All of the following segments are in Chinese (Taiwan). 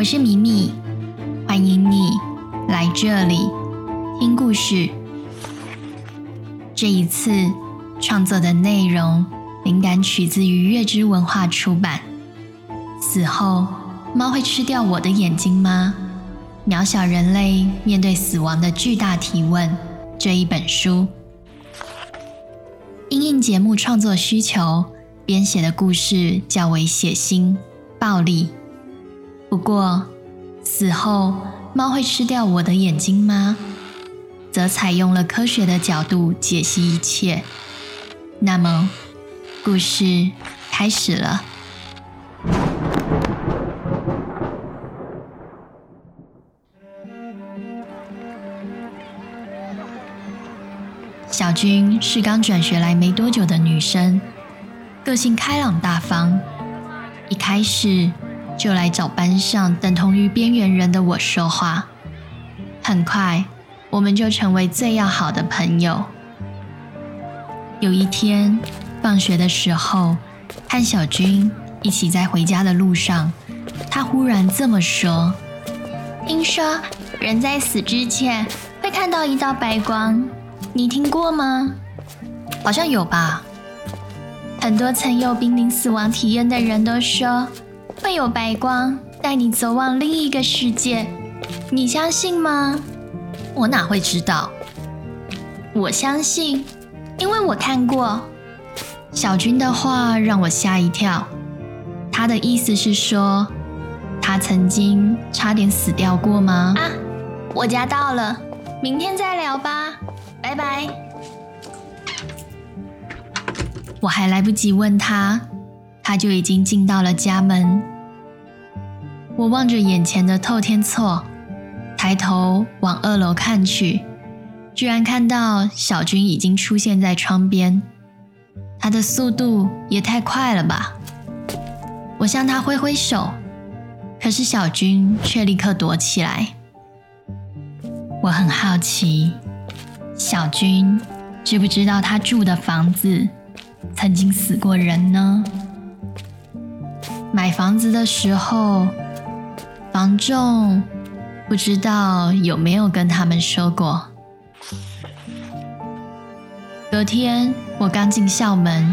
我是米米，歡迎你來這裡聽故事。這一次創作的內容靈感取自於悅知文化出版。死後，貓會吃掉我的眼睛嗎？渺小人類面對死亡的巨大提問。這一本書，因應節目創作需求，編寫的故事較為血腥、暴力。不過，死後，貓會吃掉我的眼睛嗎？則採用了科學的角度解析一切。那麼，故事開始了。小君是剛轉學來沒多久的女生，個性開朗大方。一開始，就來找班上等同於邊緣人的我說話，很快我們就成為最要好的朋友。有一天放學的時候，和小軍一起在回家的路上，他忽然這麼說：“聽說人在死之前會看到一道白光，你聽過嗎？好像有吧。很多曾有瀕臨死亡體驗的人都說。”會有白光帶你走往另一個世界，你相信嗎？我哪會知道？我相信，因為我看過。小軍的話讓我嚇一跳，他的意思是說，他曾經差點死掉過嗎？啊，我家到了，明天再聊吧，拜拜。我還來不及問他。他就已經進到了家門。我望着眼前的透天厝，抬頭往二樓看去，居然看到小軍已經出現在窗邊。他的速度也太快了吧！我向他揮揮手，可是小軍卻立刻躲起來。我很好奇，小軍知不知道他住的房子曾經死過人呢？買房子的時候，房仲不知道有沒有跟他們說過。隔天我剛進校門，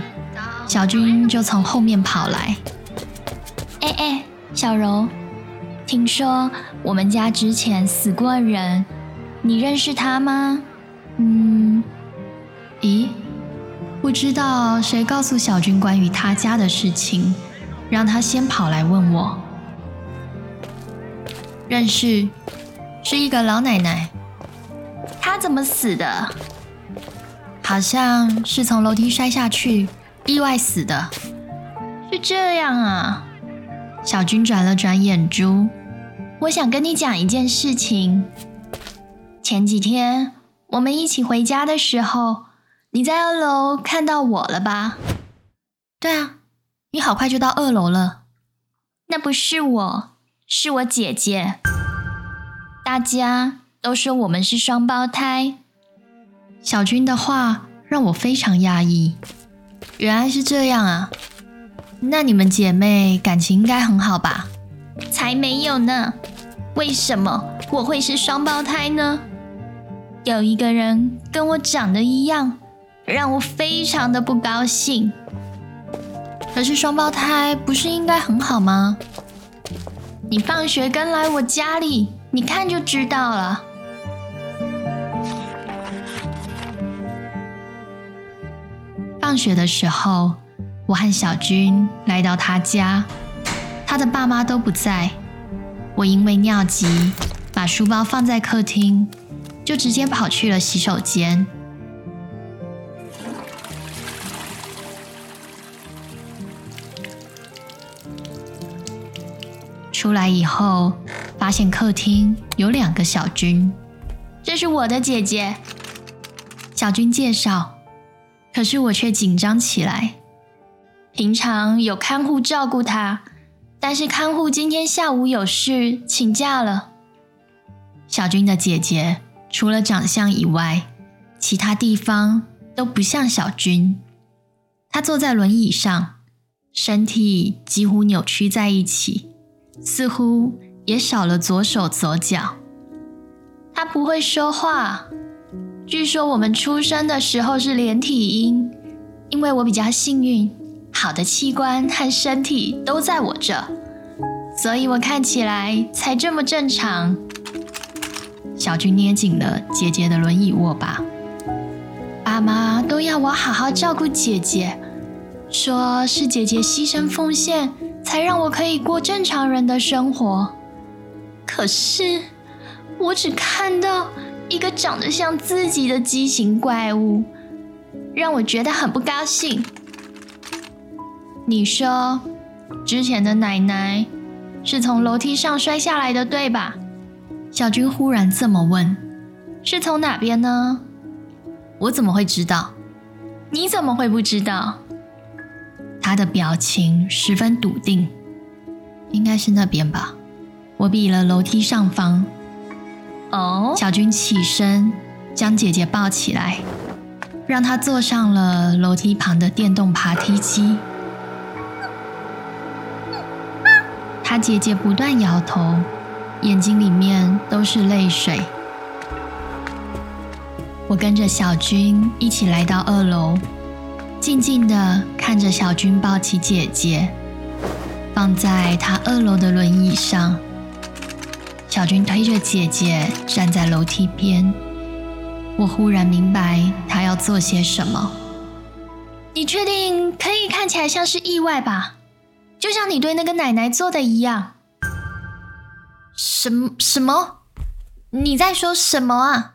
小軍就從後面跑來：“哎哎、欸欸，小柔，聽說我們家之前死過人，你認識他嗎？”“嗯，咦、欸，不知道誰告訴小軍關於他家的事情。”讓他先跑來問我。認識，是一個老奶奶。她怎麼死的？」好像是從樓梯摔下去，意外死的。是這樣啊？小軍轉了轉眼珠，我想跟你講一件事情，前幾天我們一起回家的時候，你在二樓看到我了吧？對啊。你好快就到二樓了，那不是我，是我姐姐。大家都說我們是雙胞胎。小軍的話讓我非常訝異，原來是這樣啊。那你們姐妹感情應該很好吧？才沒有呢！為什麼我會是雙胞胎呢？有一個人跟我長得一樣，讓我非常的不高興。可是雙胞胎不是應該很好嗎？你放學跟來我家裡，你看就知道了。放學的時候，我和小軍來到他家，他的爸媽都不在。我因為尿急，把書包放在客廳，就直接跑去了洗手間。出來以後，發現客廳有兩個小軍。這是我的姐姐，小軍介紹。可是我卻緊張起來。平常有看護照顧她，但是看護今天下午有事請假了。小軍的姐姐除了長相以外，其他地方都不像小軍。她坐在輪椅上，身體幾乎扭曲在一起。似乎也少了左手左腳，他不會說話。據說我們出生的時候是連體嬰，因為我比較幸運，好的器官和身體都在我這，所以我看起來才這麼正常。小軍捏緊了姐姐的輪椅握把，爸媽都要我好好照顧姐姐，說是姐姐犧牲奉獻才讓我可以過正常人的生活，可是我只看到一個長得像自己的畸形怪物，讓我覺得很不高興。你說，之前的奶奶是從樓梯上摔下來的，對吧？小軍忽然這麼問：“是從哪邊呢？”“我怎麼會知道？”“你怎麼會不知道？”他的表情十分篤定，應該是那邊吧。我比了樓梯上方。哦，oh. 小君起身將姐姐抱起來，讓她坐上了樓梯旁的電動爬梯機。Oh. 她姐姐不斷搖頭，眼睛裡面都是淚水。我跟着小君一起來到二樓。靜靜的看着小君抱起姐姐，放在他二樓的輪椅上。小君推着姐姐站在樓梯邊，我忽然明白他要做些什麼。你確定可以看起來像是意外吧？就像你對那個奶奶做的一樣。什什麼？你在說什麼啊？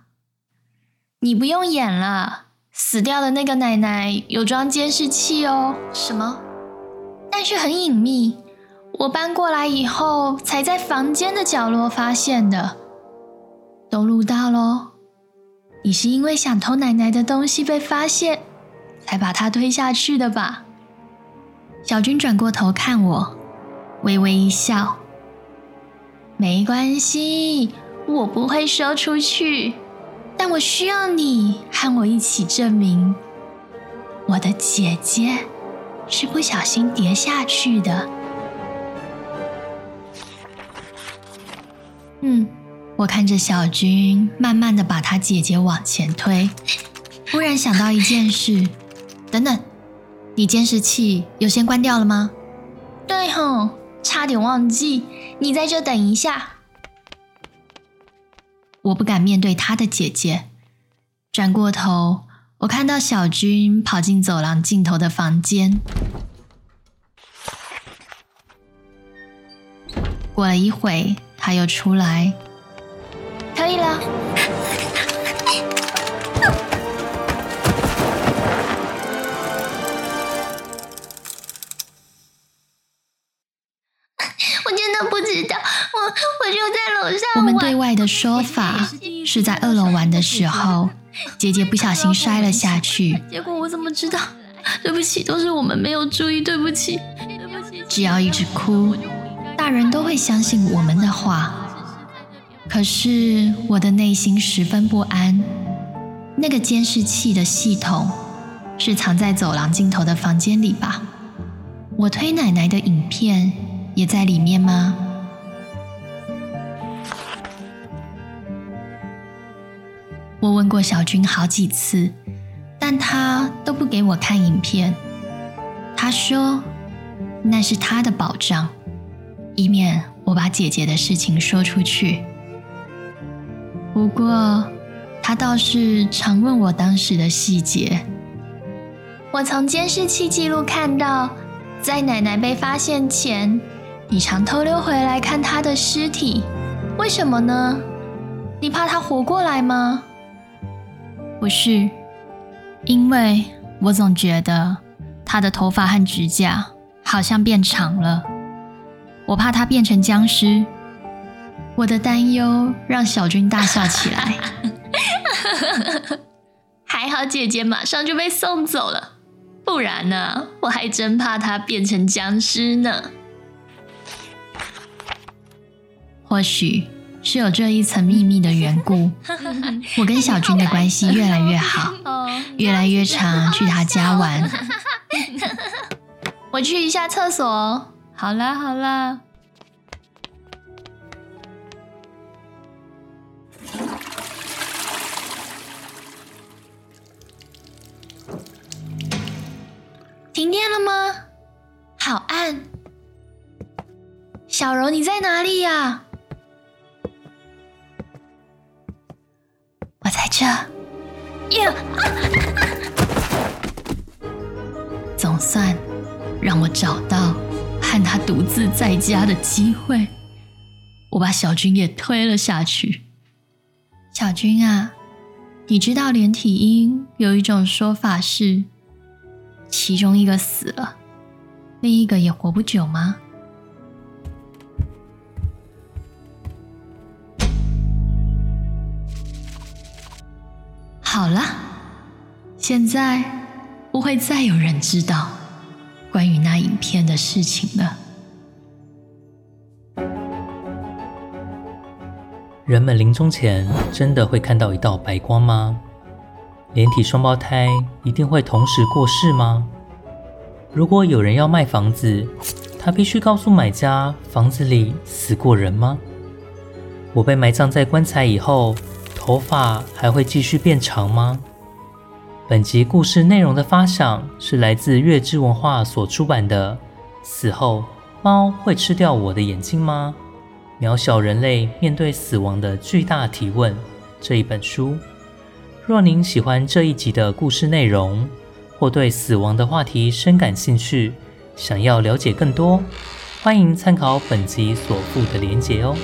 你不用演了。死掉的那個奶奶有裝監視器哦，什麼？但是很隱秘，我搬過來以後才在房間的角落發現的，都錄到嘍。你是因為想偷奶奶的東西被發現，才把她推下去的吧？小軍轉過頭看我，微微一笑。沒關係，我不會說出去。但我需要你和我一起證明，我的姐姐是不小心跌下去的。嗯，我看着小軍慢慢的把他姐姐往前推，忽然想到一件事。等等，你監視器有先關掉了嗎？對哦，差點忘記，你在這等一下。我不敢面對他的姐姐，轉過頭，我看到小軍跑進走廊盡頭的房間。過了一會，他又出來。可以了。我真的不知道，我我就在樓上玩。我們對外的說法是在二樓玩的時候，姐姐不小心摔了下去。結果我怎麼知道？對不起，都是我們沒有注意。對不起，對不起。只要一直哭，大人都會相信我們的話。可是我的內心十分不安。那個監視器的系統是藏在走廊盡頭的房間裡吧？我推奶奶的影片也在裡面嗎？我問過小軍好幾次，但他都不給我看影片。他說那是他的保障，以免我把姐姐的事情說出去。不過他倒是常問我當時的細節。我從監視器記錄看到，在奶奶被發現前。你常偷溜回來看他的屍體，為什麼呢？你怕他活過來嗎？不是，因為我總覺得他的頭髮和指甲好像變長了，我怕他變成僵屍。我的擔憂讓小軍大笑起來。 還好姐姐馬上就被送走了，不然呢、啊，我還真怕他變成僵屍呢。或許是有這一層秘密的緣故， 我跟小君的關係越來越好， 越來越常去他家玩。 我去一下廁所，好啦好啦。停電了嗎？好暗。小柔，你在哪裡呀？找到和他獨自在家的機會，我把小軍也推了下去。小軍啊，你知道連體嬰有一種說法是，其中一個死了，另一個也活不久嗎？好了，現在不會再有人知道。關於那影片的事情呢？人們臨終前真的會看到一道白光嗎？連體雙胞胎一定會同時過世嗎？如果有人要賣房子，他必須告訴買家房子裡死過人嗎？我被埋葬在棺材以後，頭髮還會繼續變長嗎？本集故事內容的發想是來自悅知文化所出版的《死後，貓會吃掉我的眼睛嗎？渺小人類面對死亡的巨大提問》這一本書。若您喜歡這一集的故事內容，或對死亡的話題深感興趣，想要了解更多，歡迎參考本集所附的連結哦。